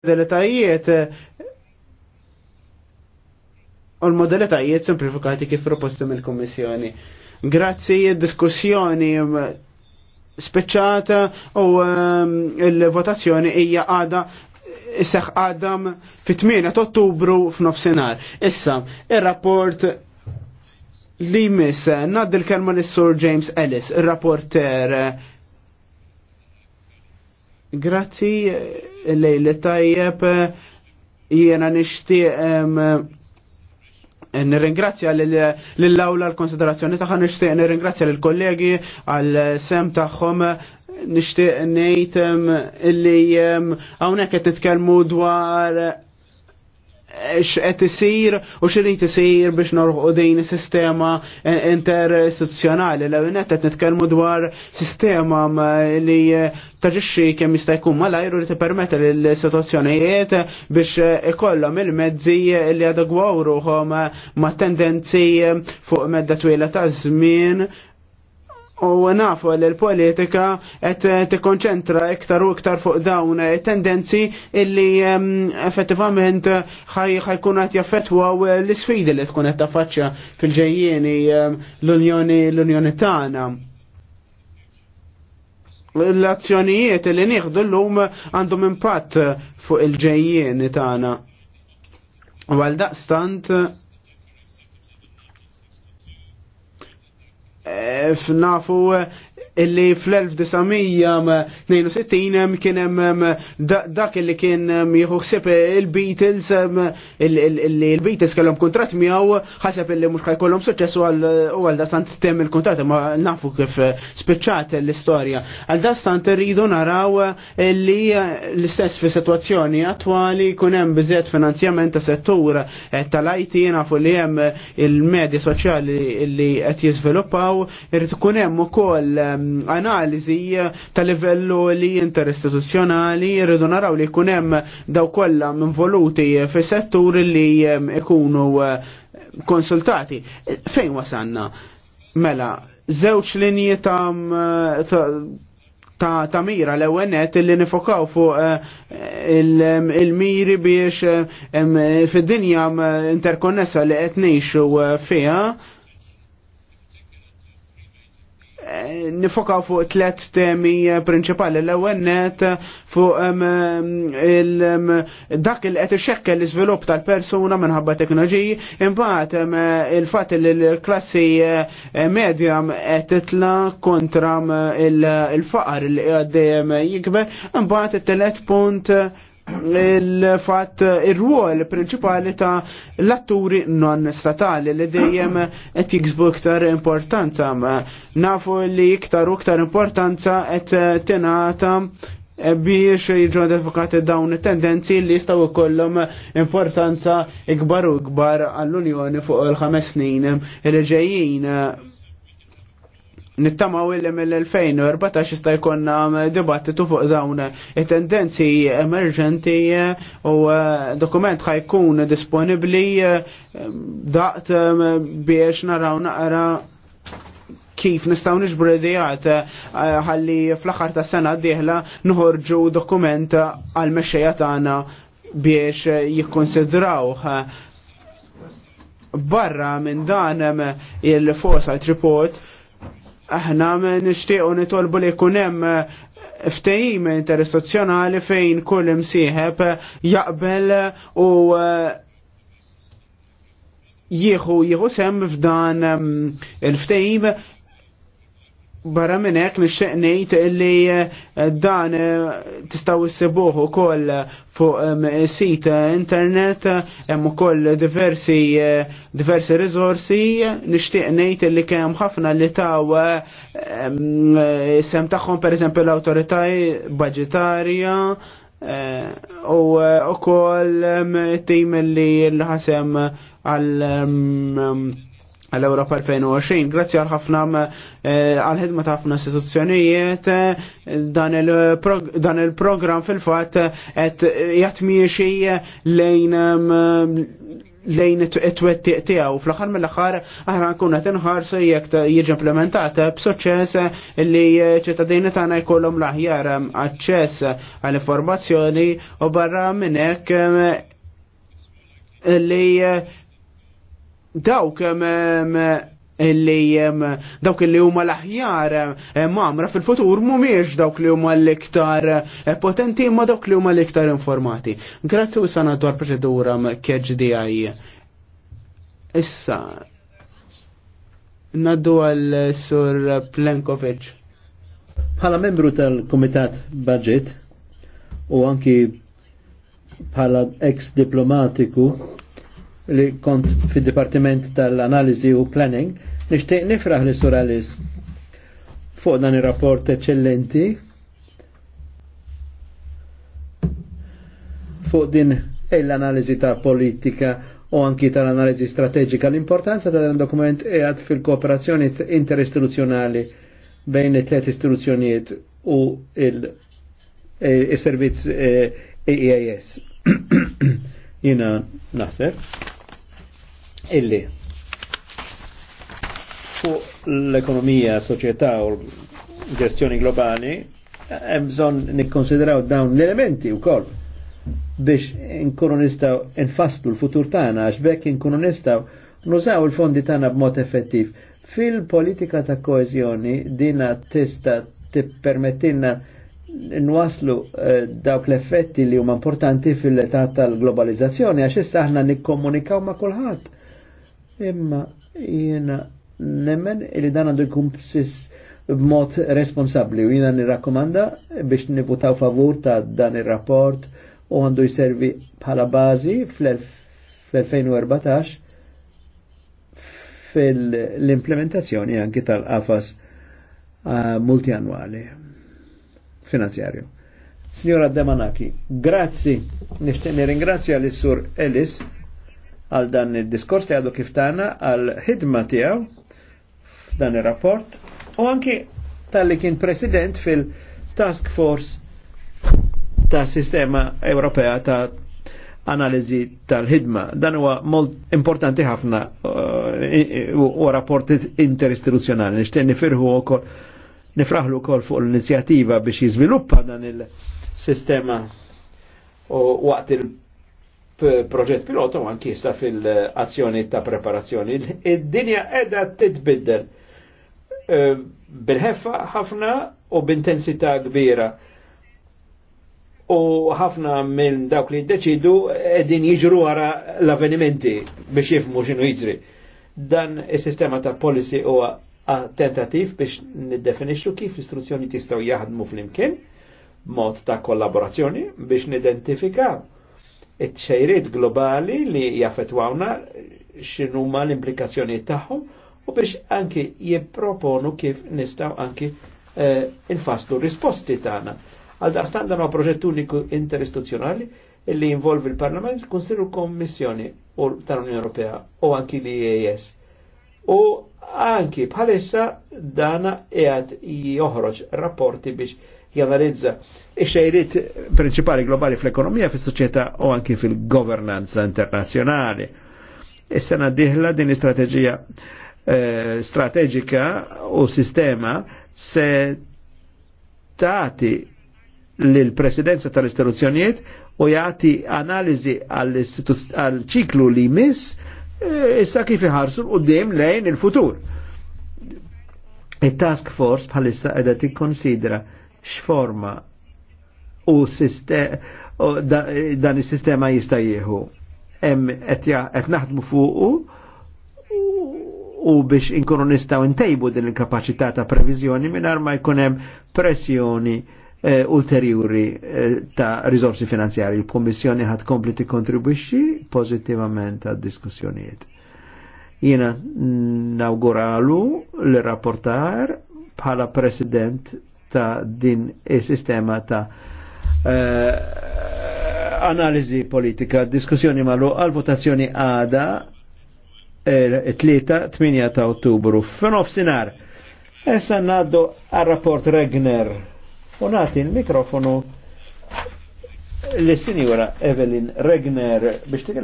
modalitajiet u l-modalitajiet simplifikati kif proposti mill-Kommissjoni. Grazzi diskussjoni speċata u ehm, l-votazzjoni hija għada isseħ għadam fit-8 ottubru f'nofsinhar. Issa, ir-rapport li mis nad l-kelma li sur James Ellis, ir-rapporter. Grazzi Lejli tajjeb jiena nixtieq nirringrazzja lill-awla l-konsiderazzjoni tagħha nixtieq nirringrazzja lill-kollegi għal sem tagħhom nixtieq ngħid illi hawnhekk qed titkellmu dwar x'qed isir u x'rid isir biex norħu din sistema interistituzzjonali. L net qed nitkellmu dwar sistema li taġixxi kemm jista' jkun malajru li tippermetta lil situazzjonijiet biex ikollhom il-mezzi li adegwaw ruħhom ma' tendenzi fuq medda twila ta' żmien U nafu li l-politika qed eh, tikkonċentra iktar u iktar fuq dawn eh, tendenzi illi ehm, effettivament eh, ħajkun qed jaffettwaw l-isfidi li tkun qed taffaċċja fil-ġejjieni ehm, l-Unjoni l-Unjoni tagħna. L-azzjonijiet li nieħdu llum għandhom impatt fuq il-ġejjieni tagħna. Għal daqstant Eh, f'nafu eh, illi fl-1962 kien hemm dak illi kien jieħu ħsieb il-Beatles illi il-Beatles kellhom kuntratt miegħu ħaseb illi mhux ħajkollhom suċċess u għal dastant tem il-kuntratt ma nafu kif spiċċat l-istorja. Għal dastant irridu naraw illi l-istess fi situazzjoni attwali kun hemm biżiet finanzjament ta' settur tal-IT nafu li hemm il-medja soċjali li qed jiżviluppaw irid ikun hemm ukoll ehm, analiżi ta' livellu li interistituzzjonali irridu naraw li jkun hemm daw kollha involuti fis-settur li ehm, ikunu eh, konsultati. Fejn wasanna? Mela, żewġ linji ta', ta mira tamira l ewenet li nifokaw fuq eh, il-miri biex eh, ehm, fid-dinja interkonnessa li qed ngħixu fiha Eh, nifoka fuq tlet temi eh, prinċipali. L-ewwel net eh, fuq dak il qed ixekkel l-iżvilupp tal-persuna minħabba teknoloġiji, imbagħad il-fatt li l-klassi medja qed titla kontra il-faqar li għaddejjem jikber, imbagħad it-telet punt il-fat ir-ruol prinċipali ta' l-atturi non statali li dejjem qed jiksbu iktar importanza. Nafu li iktar u iktar importanza qed tingħata biex jiġu advokati dawn tendenzi li jistaw ikollhom importanza ikbar u ikbar għall-Unjoni fuq il-ħames snin il-ġejjin nittama illi l 2014 jista' jkun um, dibattitu fuq dawn it-tendenzi emerġenti uh, u uh, dokument jkun disponibbli uh, um, daqt um, biex naraw naqra kif nistaw nixbru idejat ħalli fl-aħħar ta' sena d-dieħla nħorġu dokument għal mexxejja tagħna biex jikkonsidrawh barra minn dan il-foresight report aħna nixtiequ nitolbu li jkun hemm eh, ftehim interistituzzjonali fejn kull imsieħeb eh, jaqbel u eh, jieħu jieħu sem f'dan il-ftehim barra minn hekk nixtieq ngħid illi eh, dan eh, tistgħu issibuh ukoll fuq ehm, sit internet eh, hemm ukoll diversi diversi rizorsi nixtieq ngħid illi kemm ħafna li taw ehm, sem tagħhom pereżempju l-awtorità budgetarja u ukoll ehm, tim li ħasem għal għal europa 2020. Grazzi għal ħafna eh, għal-ħidma ta' ħafna istituzzjonijiet eh, dan il-program fil-fat għet eh, jatmiexi lejn lejn it twetti tiegħu fl-aħħar mill-aħħar aħna nkun qed inħarsu jekk jiġi implementat b'suċċess li ċittadini tagħna jkollhom l-aħjar aċċess għall-informazzjoni u barra minn hekk li dawk illi dawk li huma l-aħjar mamra fil-futur mhumiex dawk li huma l-iktar eh, potenti imma dawk li huma l-iktar informati. Grazzi u sana dwar proċedura KGDI. Issa naddu għal sur Plenkovic. Bħala membru tal-Komitat Budget u anki bħala ex-diplomatiku li kont fid dipartiment tal-analizi u planning, nishtiq nifraħ li suralis fuq dan il-rapport eccellenti fuq din l-analizi ta' politika u anki tal-analizi strategika. L-importanza ta' dan dokument għad fil-kooperazzjoni interistituzjonali bejn it tlet istituzzjonijiet u il-servizz EIS. Jina naħseb illi fuq l-ekonomija, soċjetà u l-ġestjoni globali hemm bżonn nikkonsidraw dawn l-elementi wkoll biex nkunu nistgħu nfasslu l-futur tagħna għax bekk inkunu nistgħu nużaw il-fondi tagħna b'mod effettiv. Fil-politika ta' koeżjoni dina tista' tippermettilna nwaslu eh, dawk l-effetti li huma importanti fil-età tal-globalizzazzjoni għax issa aħna nikkomunikaw ma' kulħadd imma jiena nemmen li dan għandu jkun b'mod responsabli u jiena nirrakkomanda biex nivutaw favur ta' dan ir-rapport u għandu jservi bħala bażi fl-2014 fil-implementazzjoni anki tal-qafas ah, multianwali finanzjarju. Signora Demanaki, grazzi, nishtenni ringrazja l-Sur Ellis għal dan il-diskors li għadu kif tagħna għal ħidma tiegħu f'dan ir-rapport u anki tal-li kien president fil-task force ta' sistema Ewropea ta' analizi tal-ħidma. Dan huwa molt importanti ħafna uh, u uh, rapport interistituzzjonali. Nixtieq nifirħu wkoll nifraħlu wkoll fuq l-inizjattiva biex jiżviluppa dan il-sistema u waqt il proġett pilota u anki fil-azzjoni ta' preparazzjoni. Id-dinja edha titbiddel eh, bil-ħeffa ħafna u b'intensità kbira. U ħafna minn dawk li deċidu edin jiġru għara l-avvenimenti biex jifmu xinu jiġri. Dan is-sistema ta' policy huwa tentativ biex niddefinixxu kif l-istruzzjoni tistgħu jaħdmu fl-imkien, mod ta' kollaborazzjoni biex nidentifikaw it-xejriet globali li jaffetwawna x'inhuma l implikazzjoni tagħhom u biex anki jipproponu kif nistaw anki eh, infastu risposti tagħna. Għal daqstan dan proġett uniku interistituzzjonali li involvi il-Parlament, il kommissjoni Kommissjoni tal-Unjoni Ewropea u anki l-IAS. U anki bħalissa dana qiegħed joħroġ rapporti biex javarizza ix-xejrit principali globali fl-ekonomija, fil-soċieta u anki fil-governanza internazjonali. Is-sena diħla din l-istrateġija eh, strateġika u sistema se tati l-presidenza tal-istituzzjonijiet u jagħti analizi għal ċiklu li jmiss eh, issa kif iħarsu u dim lejn il-futur. Il-task force bħal-issa bħalissa qiegħda konsidra x'forma u dan is-sistema jista' jieħu. Hemm qed naħdmu fuqu u biex inkunu nistgħu ntejbu din il-kapaċità ta' previżjoni mingħajr ma jkun hemm pressjoni eh, ulterjuri eh, ta' risorsi finanzjari. Il-Kommissjoni ħad kompli ti kontribuixi pozittivament għad diskussjonijiet. Jiena nawguralu l-rapportar bħala president ta' din il-sistema ta' uh, analizi politika, diskussjoni malu għal-votazzjoni għada eh, er, 3-8 ta' ottubru. Fenof sinar, essa naddu għal-rapport Regner u nati il-mikrofonu l-sinjura Evelyn Regner biex